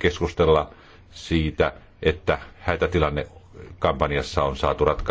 keskustella siitä, että hätätilanne kampanjassa on saatu ratkaistua.